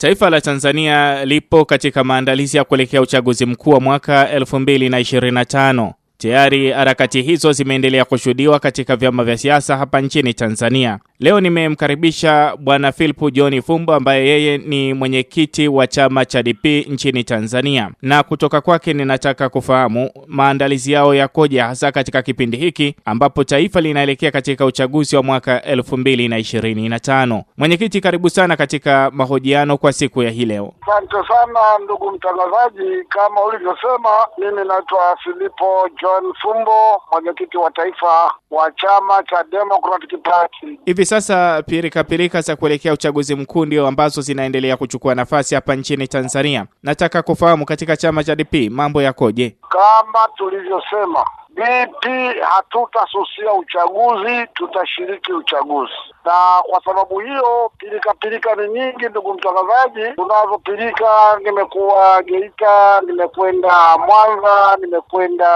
Taifa la Tanzania lipo katika maandalizi ya kuelekea uchaguzi mkuu wa mwaka 2025. Tayari harakati hizo zimeendelea kushuhudiwa katika vyama vya siasa hapa nchini Tanzania. Leo nimemkaribisha Bwana Philip John Fumbo ambaye yeye ni mwenyekiti wa chama cha DP nchini Tanzania, na kutoka kwake ninataka kufahamu maandalizi yao yakoja hasa katika kipindi hiki ambapo taifa linaelekea katika uchaguzi wa mwaka elfu mbili na ishirini na tano. Mwenyekiti, karibu sana katika mahojiano kwa siku ya hii leo. Asante sana ndugu mtangazaji, kama ulivyosema, mimi naitwa Filipo John Fumbo, mwenyekiti wa taifa wa chama cha Democratic Party. Hivi sasa pirikapirika za kuelekea uchaguzi mkuu ndio ambazo zinaendelea kuchukua nafasi hapa nchini Tanzania. Nataka kufahamu katika chama cha DP mambo yakoje? Kama tulivyosema DP hatutasusia uchaguzi, tutashiriki uchaguzi, na kwa sababu hiyo pilikapilika ni nyingi, ndugu mtangazaji. Tunazopilika, nimekuwa Geita, nimekwenda Mwanza, nimekwenda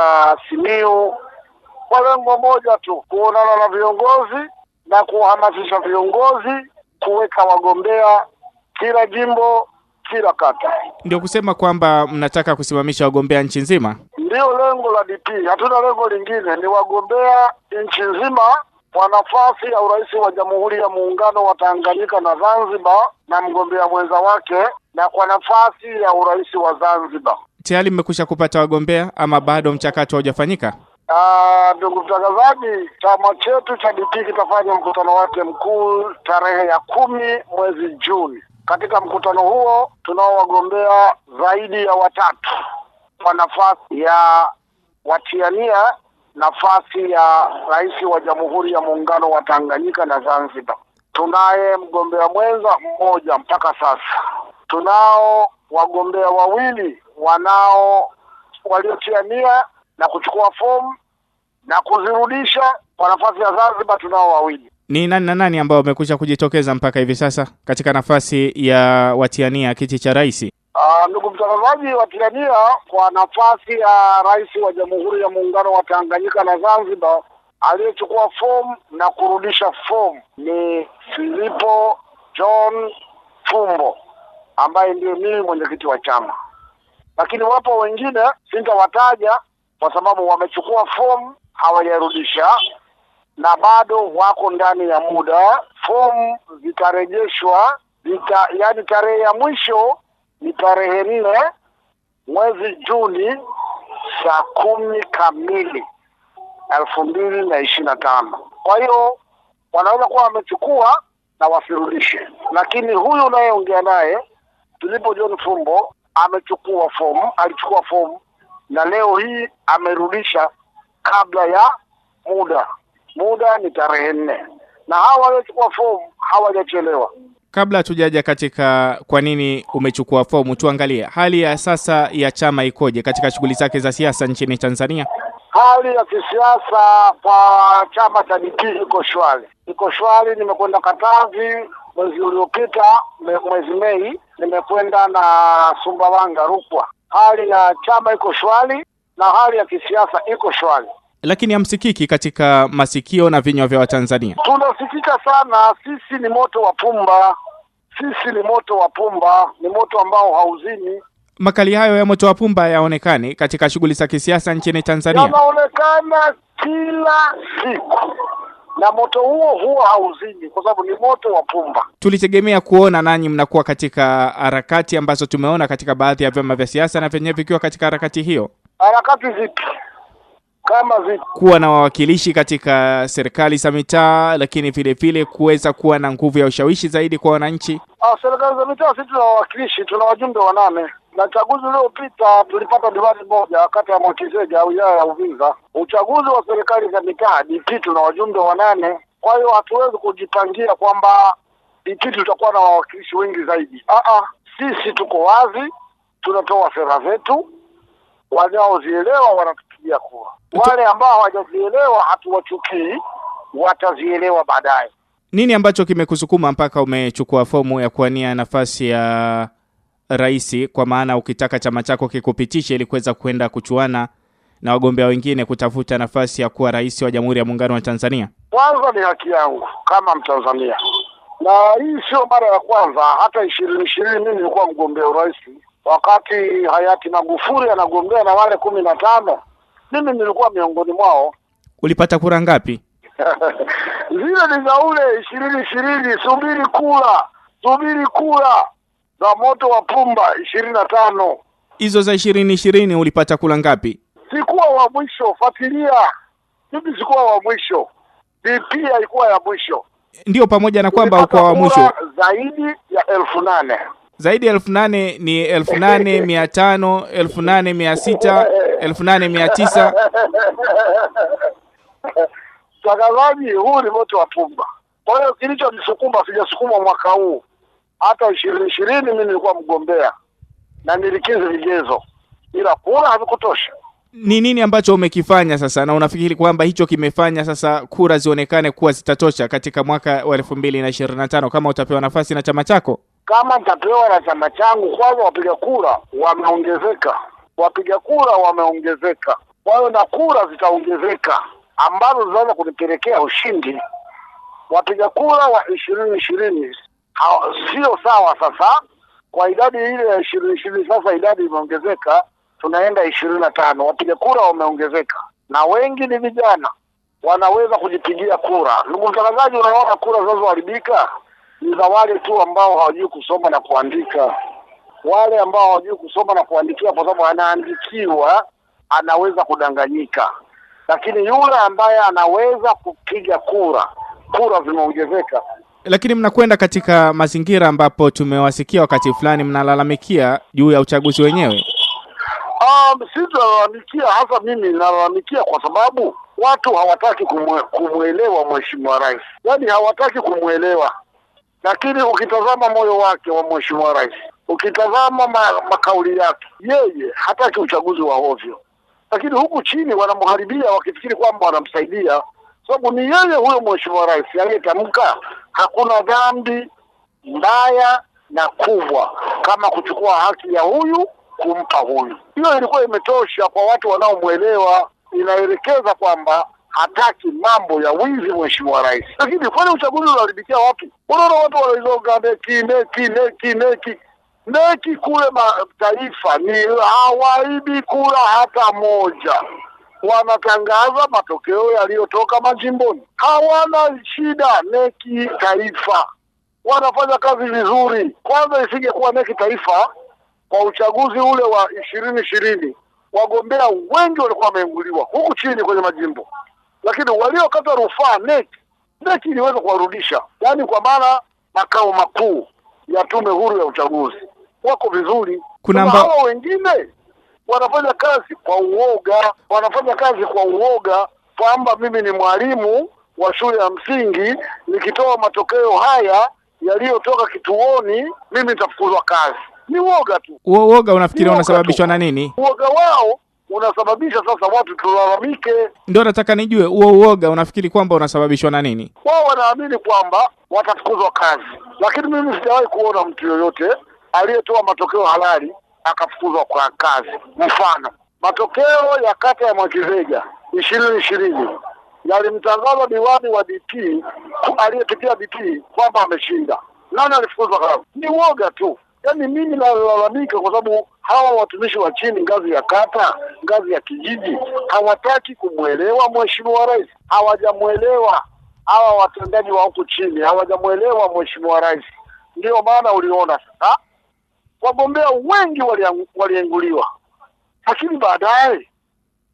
simiu kwa lengo moja tu, kuonana na viongozi na kuhamasisha viongozi kuweka wagombea kila jimbo, kila kata. Ndio kusema kwamba mnataka kusimamisha wagombea nchi nzima? Ndiyo lengo la DP, hatuna lengo lingine, ni wagombea nchi nzima kwa nafasi ya urais wa Jamhuri ya Muungano wa Tanganyika na Zanzibar na mgombea mwenza wake na kwa nafasi ya urais wa Zanzibar. Tayari mmekwisha kupata wagombea ama bado mchakato haujafanyika? Ah, ndugu mtangazaji, chama chetu cha DP kitafanya mkutano wake mkuu tarehe ya kumi mwezi Juni. Katika mkutano huo tunao wagombea zaidi ya watatu kwa nafasi ya watiania nafasi ya rais wa Jamhuri ya Muungano wa Tanganyika na Zanzibar. Tunaye mgombea mwenza mmoja mpaka sasa. Tunao wagombea wawili wanao waliotiania na kuchukua fomu na kuzirudisha kwa nafasi ya Zanzibar. Tunao wawili. Ni nani na nani ambao wamekwisha kujitokeza mpaka hivi sasa katika nafasi ya watiania kiti cha rais? Uh, ndugu mtangazaji, watiania kwa nafasi ya rais wa Jamhuri ya Muungano wa Tanganyika na Zanzibar aliyechukua fomu na kurudisha fomu ni Filipo John Fumbo ambaye ndiyo mimi mwenyekiti wa chama, lakini wapo wengine sintawataja kwa sababu wamechukua fomu hawajarudisha na bado wako ndani ya muda. Fomu zitarejeshwa zita, yani tarehe ya mwisho ni tarehe nne mwezi Juni saa kumi kamili elfu mbili na ishirini na tano. Kwa hiyo wanaweza kuwa wamechukua na wasirudishe, lakini huyu unayeongea naye Filipo John Fumbo amechukua fomu, alichukua fomu na leo hii amerudisha kabla ya muda. Muda ni tarehe nne na hawa waliochukua fomu hawajachelewa. Kabla hatujaja katika kwa nini umechukua fomu, tuangalie hali ya sasa ya chama ikoje katika shughuli zake za siasa nchini Tanzania. Hali ya kisiasa kwa chama cha DP iko shwari, iko shwari. Nimekwenda Katavi mwezi uliopita, mwezi Mei, nimekwenda na Sumbawanga, Rukwa hali ya chama iko shwari na hali ya kisiasa iko shwari, lakini hamsikiki katika masikio na vinywa vya Watanzania. Tunasikika sana, sisi ni moto wa pumba, sisi ni moto wa pumba, ni moto ambao hauzini Makali hayo ya moto wa pumba yaonekani katika shughuli za kisiasa nchini Tanzania, yanaonekana kila siku na moto huo huo hauzimi kwa sababu ni moto wa pumba. Tulitegemea kuona nanyi mnakuwa katika harakati ambazo tumeona katika baadhi ya vyama vya siasa na vyenyewe vikiwa katika harakati hiyo. Harakati zipi? Kama vipi? Kuwa na wawakilishi katika serikali za mitaa, lakini vile vile kuweza kuwa na nguvu ya ushawishi zaidi kwa wananchi. Ah, serikali za mitaa sisi tuna wawakilishi, tuna wajumbe wanane na chaguzi uliopita tulipata diwani moja kata ya Mwakisega wilaya ya Uvinza. Uchaguzi wa serikali za mitaa DP tuna wajumbe wanane, kwa hiyo hatuwezi kujipangia kwamba DP tutakuwa na wawakilishi wengi zaidi. Aa, sisi tuko wazi, tunatoa sera zetu, wanaozielewa wanatupigia kura, wale ambao hawajazielewa hatuwachukii, watazielewa baadaye. Nini ambacho kimekusukuma mpaka umechukua fomu ya kuwania nafasi ya raisi kwa maana ukitaka chama chako kikupitishe ili kuweza kwenda kuchuana na wagombea wengine kutafuta nafasi ya kuwa rais wa Jamhuri ya Muungano wa Tanzania? Kwanza ni haki yangu kama Mtanzania, na hii sio mara ya kwanza. Hata ishirini ishirini mimi nilikuwa mgombea urais wakati hayati Magufuli anagombea na wale kumi na tano, mimi nilikuwa miongoni mwao. Ulipata kura ngapi? Zile ni za ule ishirini ishirini, subiri kura, subiri kura za moto wa pumba ishirini na tano. Hizo za ishirini ishirini ulipata kula ngapi? Sikuwa wa mwisho, fatilia mimi, sikuwa wa mwisho, pia ilikuwa ya mwisho. Ndiyo, pamoja na kwamba uko wa mwisho zaidi ya elfu nane zaidi ya elfu nane ni elfu nane mia tano elfu nane mia sita elfu nane mia tisa Mtangazaji, huu ni moto wa pumba. Kwa hiyo kilichonisukuma, sijasukuma mwaka huu hata ishirini ishirini mi nilikuwa mgombea na nilikizi vigezo, ila kura havikutosha. Ni nini ambacho umekifanya sasa na unafikiri kwamba hicho kimefanya sasa kura zionekane kuwa zitatosha katika mwaka wa elfu mbili na ishirini na tano kama utapewa nafasi na chama chako? Kama nitapewa na chama changu, kwanza wapiga kura wameongezeka, wapiga kura wameongezeka, kwa hiyo na kura zitaongezeka ambazo zinaweza kunipelekea ushindi. Wapiga kura wa ishirini ishirini sio sawa sasa kwa idadi ile ya ishirini ishirini. Sasa idadi imeongezeka, tunaenda ishirini na tano. Wapiga kura wameongezeka na wengi ni vijana, wanaweza kujipigia kura. Ndugu mtangazaji, unaona kura zinazoharibika ni za wale tu ambao hawajui kusoma na kuandika, wale ambao hawajui kusoma na kuandikia, kwa sababu anaandikiwa anaweza kudanganyika, lakini yule ambaye anaweza kupiga kura, kura zimeongezeka. Lakini mnakwenda katika mazingira ambapo tumewasikia wakati fulani mnalalamikia juu ya uchaguzi wenyewe. Um, si tunalalamikia, hasa mimi nalalamikia kwa sababu watu hawataki kumwe, kumwelewa mheshimiwa rais, yaani hawataki kumwelewa. Lakini ukitazama moyo wake wa mheshimiwa rais, ukitazama ma, makauli yake, yeye hataki uchaguzi wa ovyo, lakini huku chini wanamharibia wakifikiri kwamba wanamsaidia sababu ni yeye huyo mheshimiwa rais aliyetamka hakuna dhambi mbaya na kubwa kama kuchukua haki ya huyu kumpa huyu. Hiyo ilikuwa imetosha kwa watu wanaomwelewa, inaelekeza kwamba hataki mambo ya wizi mheshimiwa rais. Lakini kwani uchaguzi unaharibikia watu? Unaona watu wanaizonga neki neki neki neki neki kule mataifa, ni hawaibi kura hata moja wanatangaza matokeo yaliyotoka majimboni. Hawana shida neki taifa, wanafanya kazi vizuri. Kwanza isingekuwa neki taifa, kwa uchaguzi ule wa ishirini ishirini wagombea wengi walikuwa wameinguliwa huku chini kwenye majimbo, lakini waliokata rufaa neki neki iliweza kuwarudisha, yaani kwa maana makao makuu ya tume huru ya uchaguzi wako vizuri. Kuna mba... wengine wanafanya kazi kwa uoga, wanafanya kazi kwa uoga kwamba mimi ni mwalimu wa shule ya msingi, nikitoa matokeo haya yaliyotoka kituoni, mimi nitafukuzwa kazi. Ni uoga tu. uo uoga unafikiri unasababishwa na nini? Uoga wao unasababisha sasa watu tulalamike. Ndio nataka nijue, huo uoga unafikiri kwamba unasababishwa na nini? Wao wanaamini kwamba watafukuzwa kazi, lakini mimi sijawahi kuona mtu yoyote aliyetoa matokeo halali akafukuzwa kwa kazi. Mfano, matokeo ya kata ya Mwakizega ishirini ishirini yalimtangaza diwani wa DP aliyepitia DP kwamba ameshinda. Nani alifukuzwa kazi? Ni woga tu. Yaani mimi nalalamika kwa sababu hawa watumishi wa chini ngazi ya kata, ngazi ya kijiji hawataki kumwelewa mheshimiwa rais, hawajamwelewa. Hawa watendaji wa huku chini hawajamwelewa mheshimiwa rais, ndiyo maana uliona sasa wagombea wengi walienguliwa, lakini baadaye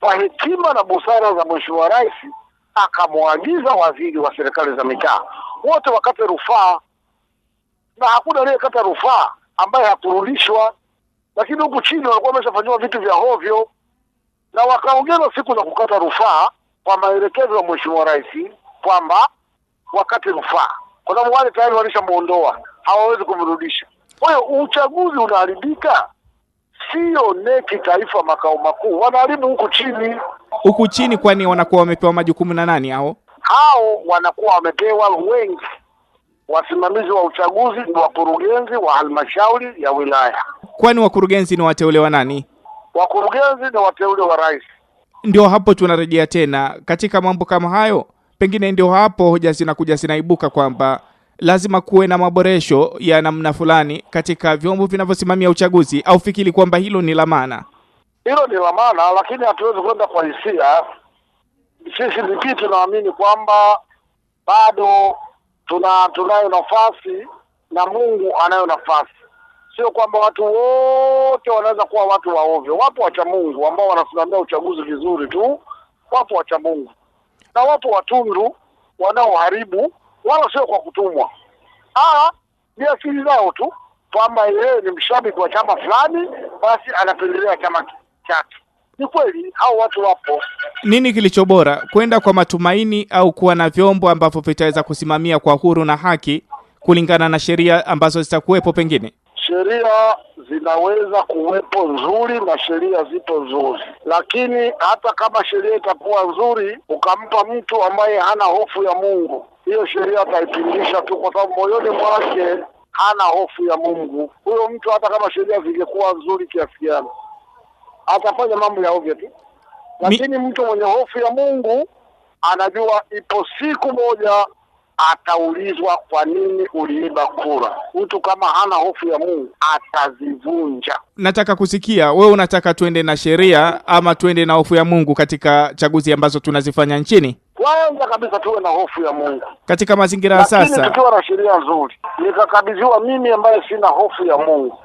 kwa hekima na busara za mheshimiwa rais akamwagiza waziri wa serikali za mitaa wote wakate rufaa, na hakuna aliyekata rufaa ambaye hakurudishwa. Lakini huku chini walikuwa wameshafanyiwa vitu vya hovyo, na wakaongeza siku za kukata rufaa kwa maelekezo ya mheshimiwa rais kwamba wakate rufaa, kwa sababu wale tayari walishamuondoa, hawawezi kumrudisha. Kwa hiyo uchaguzi unaharibika, sio neki taifa makao makuu, wanaharibu huku chini. Huku chini, kwani wanakuwa wamepewa majukumu na nani hao? Hao wanakuwa wamepewa wengi, wasimamizi wa uchaguzi ni wakurugenzi wa halmashauri ya wilaya. Kwani wakurugenzi ni wateulewa nani? Wakurugenzi ni wateule wa rais. Ndio hapo tunarejea tena katika mambo kama hayo, pengine ndio hapo hoja zinakuja zinaibuka kwamba lazima kuwe na maboresho ya namna fulani katika vyombo vinavyosimamia uchaguzi, au fikiri kwamba hilo ni la maana? Hilo ni la maana, lakini hatuwezi kwenda kwa hisia. Sisi vipii tunaamini kwamba bado tuna tunayo nafasi na Mungu anayo nafasi. Sio kwamba watu wote wanaweza kuwa watu waovyo. Wapo wacha Mungu ambao wanasimamia uchaguzi vizuri tu, wapo wacha Mungu na wapo watundu wanaoharibu wala sio kwa kutumwa, aa ni asili zao tu kwamba yeye ni mshabiki wa chama fulani, basi anapendelea chama chake. Ni kweli au watu wapo. Nini kilicho bora, kwenda kwa matumaini au kuwa na vyombo ambavyo vitaweza kusimamia kwa huru na haki kulingana na sheria ambazo zitakuwepo? Pengine sheria zinaweza kuwepo nzuri na sheria zipo nzuri, lakini hata kama sheria itakuwa nzuri, ukampa mtu ambaye hana hofu ya Mungu hiyo sheria ataipindisha tu, kwa sababu moyoni mwake hana hofu ya Mungu. Huyo mtu hata kama sheria zingekuwa nzuri kiasi gani, atafanya mambo ya ovyo tu. Lakini mtu mwenye hofu ya Mungu anajua ipo siku moja ataulizwa kwa nini uliiba kura. Mtu kama hana hofu ya Mungu atazivunja. Nataka kusikia wewe, unataka tuende na sheria ama tuende na hofu ya Mungu katika chaguzi ambazo tunazifanya nchini? Kwanza kabisa tuwe na hofu ya Mungu katika mazingira ya sasa. tukiwa na sheria nzuri, nikakabidhiwa mimi ambaye sina hofu ya Mungu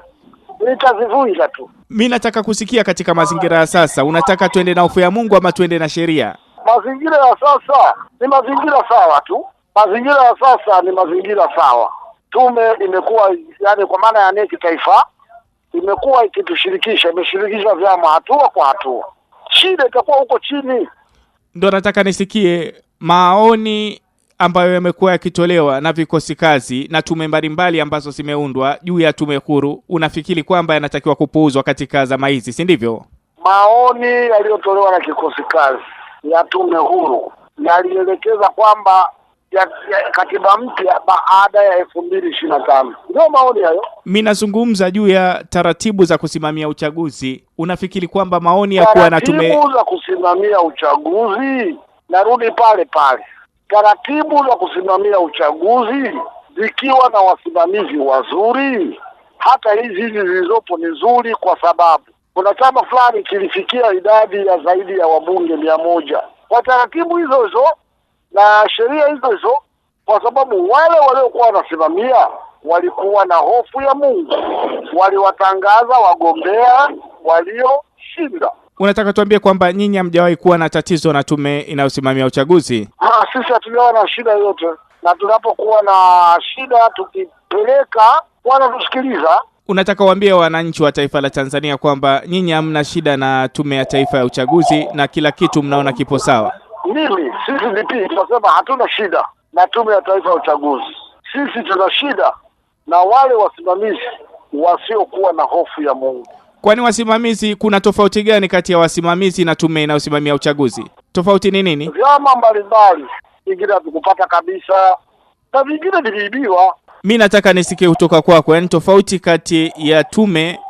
nitazivunja tu. Mi nataka kusikia katika mazingira ya sasa, unataka tuende na hofu ya Mungu ama tuende na sheria? Mazingira ya sasa ni mazingira sawa tu Mazingira ya sasa ni mazingira sawa. Tume imekuwa yani, kwa maana ya NEC kitaifa imekuwa ikitushirikisha, imeshirikisha vyama hatua kwa hatua. Shida itakuwa huko chini. Ndio nataka nisikie maoni ambayo yamekuwa yakitolewa na vikosi kazi na tume mbalimbali ambazo zimeundwa juu ya tume huru. Unafikiri kwamba yanatakiwa kupuuzwa katika zama hizi, si ndivyo? Maoni yaliyotolewa na kikosi kazi ya tume huru yalielekeza kwamba ya, ya katiba mpya baada ya elfu mbili ishirini na tano. Ndio maoni hayo. Mimi nazungumza juu ya taratibu za kusimamia uchaguzi. Unafikiri kwamba maoni ya kuwa na tume taratibu za kusimamia uchaguzi, narudi pale pale, taratibu za kusimamia uchaguzi zikiwa na wasimamizi wazuri, hata hizi hizi zilizopo ni nzuri, kwa sababu kuna chama fulani kilifikia idadi ya zaidi ya wabunge mia moja kwa taratibu hizo hizo na sheria hizo hizo, kwa sababu wale waliokuwa wanasimamia walikuwa na hofu ya Mungu, waliwatangaza wagombea walioshinda. Unataka tuambie kwamba nyinyi hamjawahi kuwa na tatizo na tume inayosimamia uchaguzi? Ah, sisi hatujawa na shida yoyote, na tunapokuwa na shida tukipeleka wanatusikiliza. Unataka waambie wananchi wa taifa la Tanzania kwamba nyinyi hamna shida na tume ya taifa ya uchaguzi na kila kitu mnaona kipo sawa? mimi sisi DP tunasema hatuna shida na Tume ya Taifa ya Uchaguzi. Sisi tuna shida na wale wasimamizi wasiokuwa na hofu ya Mungu. Kwani wasimamizi, kuna tofauti gani kati ya wasimamizi na tume inayosimamia uchaguzi? Tofauti ni nini? Vyama mbalimbali, vingine havikupata kabisa na vingine viliibiwa. Mi nataka nisikie kutoka kwako, yaani tofauti kati ya tume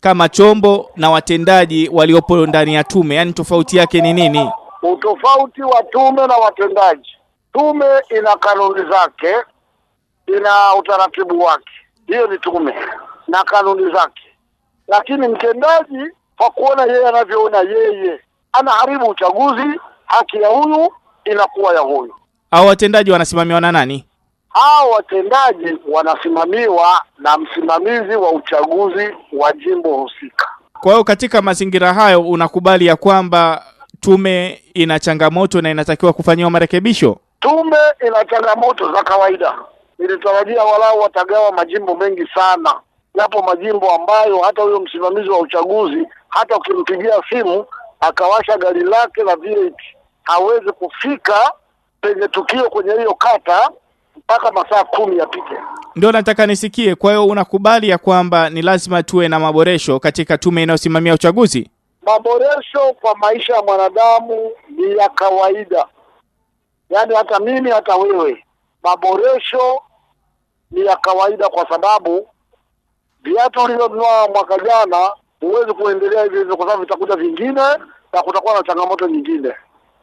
kama chombo na watendaji waliopo ndani ya tume, yaani tofauti yake ni nini? utofauti wa tume na watendaji. Tume ina kanuni zake, ina utaratibu wake, hiyo ni tume na kanuni zake, lakini mtendaji kwa kuona yeye anavyoona yeye anaharibu uchaguzi. Haki ya huyu inakuwa ya huyu. Hao watendaji wanasimamiwa na nani? Hao watendaji wanasimamiwa na msimamizi wa uchaguzi wa jimbo husika. Kwa hiyo katika mazingira hayo unakubali ya kwamba tume ina changamoto na inatakiwa kufanyiwa marekebisho? Tume ina changamoto za kawaida. ilitarajia walau watagawa majimbo mengi sana, yapo majimbo ambayo hata huyo msimamizi wa uchaguzi hata ukimpigia simu akawasha gari lake la VAT hawezi kufika penye tukio kwenye hiyo kata mpaka masaa kumi yapite. Ndio nataka nisikie. Kwa hiyo unakubali ya kwamba ni lazima tuwe na maboresho katika tume inayosimamia uchaguzi? maboresho kwa maisha ya mwanadamu ni ya kawaida, yaani hata mimi hata wewe, maboresho ni ya kawaida, kwa sababu viatu ulivyonunua mwaka jana huwezi kuendelea hivyo hivyo, kwa sababu vitakuja vingine na kutakuwa na changamoto nyingine.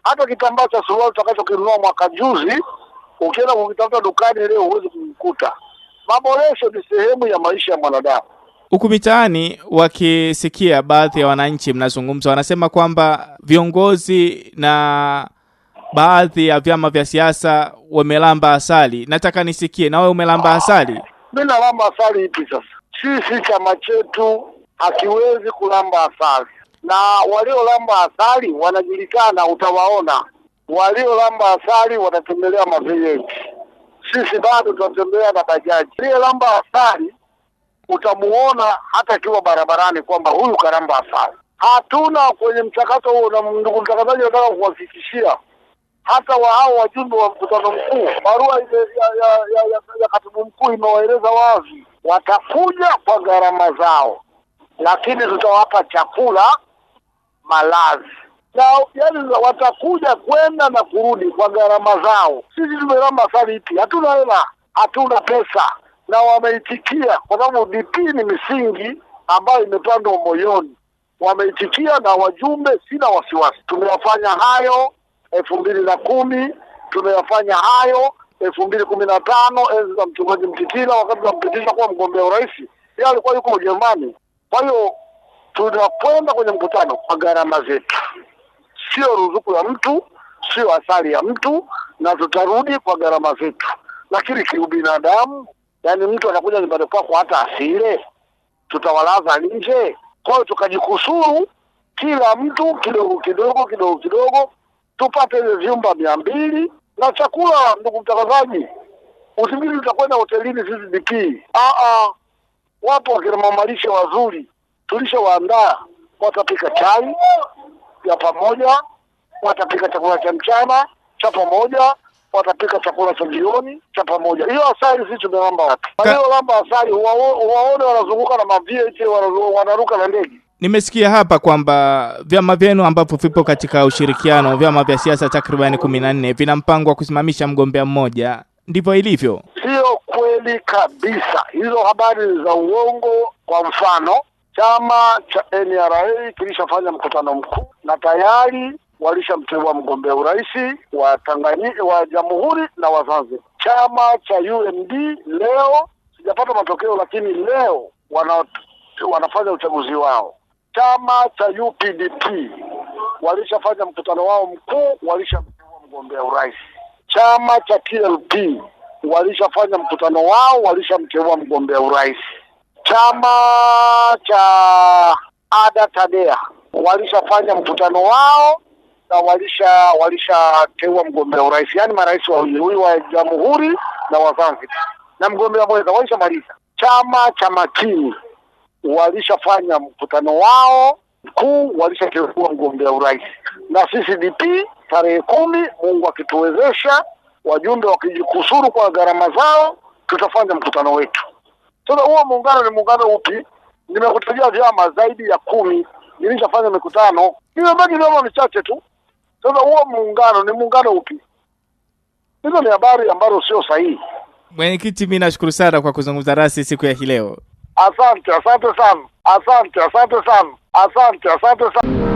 Hata kitambaa cha suruali utakachokinunua mwaka juzi, ukienda kukitafuta dukani leo huwezi kumkuta. Maboresho ni sehemu ya maisha ya mwanadamu. Huku mitaani wakisikia baadhi ya wananchi mnazungumza, wanasema kwamba viongozi na baadhi ya vyama vya siasa wamelamba asali. Nataka nisikie na wewe umelamba asali. Mimi nalamba asali ipi sasa? Sisi chama chetu hakiwezi kulamba asali, na waliolamba asali wanajulikana, utawaona. Waliolamba asali wanatembelea mavyeti, sisi bado tunatembea na bajaji. Aliyelamba asali utamuona hata akiwa barabarani kwamba huyu karamba afai. Hatuna kwenye mchakato huo, na ndugu mtangazaji, nataka kuwafikishia hata wa hao wajumbe wa mkutano mkuu, barua ya, ya, ya, ya, ya katibu mkuu imewaeleza wazi watakuja kwa gharama zao, lakini tutawapa chakula, malazi na yani watakuja kwenda na kurudi kwa gharama zao. Sisi tumeramba sana ipi? Hatuna hela, hatuna pesa na wameitikia, kwa sababu DP ni misingi ambayo imepandwa moyoni. Wameitikia na wajumbe, sina wasiwasi. Tumeyafanya hayo elfu mbili na kumi, tumeyafanya hayo elfu mbili kumi na tano enzi za mchungaji Mtikila, wakati tunampitisha kuwa mgombea urais, yeye alikuwa yuko Ujerumani. Kwa hiyo tunakwenda kwenye mkutano kwa gharama zetu, sio ruzuku ya mtu, sio asali ya mtu, na tutarudi kwa gharama zetu, lakini kiubinadamu Yaani mtu anakuja nyumbani kwako hata asile, tutawalaza nje. Kwa hiyo tukajikusuru kila mtu kidogo kidogo kidogo kidogo, tupate ile vyumba mia mbili na chakula. Ndugu mtangazaji, usibidi tutakwenda hotelini sisi ah, Wapo wakina wazuri tulisha wazuri, tulishawaandaa watapika chai ya pamoja, watapika chakula cha mchana cha pamoja, watapika chakula cha jioni cha pamoja. Hiyo asali sisi tumelamba wapi? Hiyo lamba asali huwaone wanazunguka na mavh wanaruka na ndege. Nimesikia hapa kwamba vyama vyenu ambavyo vipo katika ushirikiano, vyama vya siasa takribani kumi na nne vina mpango wa kusimamisha mgombea mmoja. Ndivyo ilivyo? Sio kweli kabisa, hizo habari za uongo. Kwa mfano, chama cha NRA kilishafanya mkutano mkuu na tayari walishamteua mgombea urais wa Tanganyika, wa Jamhuri na wa Zanzibar. Chama cha UMD leo sijapata matokeo, lakini leo wana, wanafanya uchaguzi wao. Chama cha UPDP walishafanya mkutano wao mkuu, walishamteua mgombea urais. Chama cha TLP walishafanya mkutano wao, walishamteua mgombea urais. Chama cha Ada Tadea walishafanya mkutano wao na walisha walishateua mgombea urais, yaani marais wawili, huyu wa jamhuri na wa Zanzibar na mgombea mwenza, walishamaliza. Chama cha Makini walishafanya mkutano wao mkuu, walishateua mgombea urais, na sisi DP tarehe kumi, Mungu akituwezesha, wajumbe wakijikusuru kwa gharama zao, tutafanya mkutano wetu. Sasa huo muungano ni muungano upi? Nimekutajia vyama zaidi ya kumi, nilishafanya mikutano, nimebaki vyama michache tu. Sasa huo muungano ni muungano upi? Hizo ni habari ambazo sio sahihi. Mwenyekiti, mimi nashukuru sana kwa kuzungumza nasi siku ya hii leo. Asante, asante sana, asante, asante sana, asante, asante sana.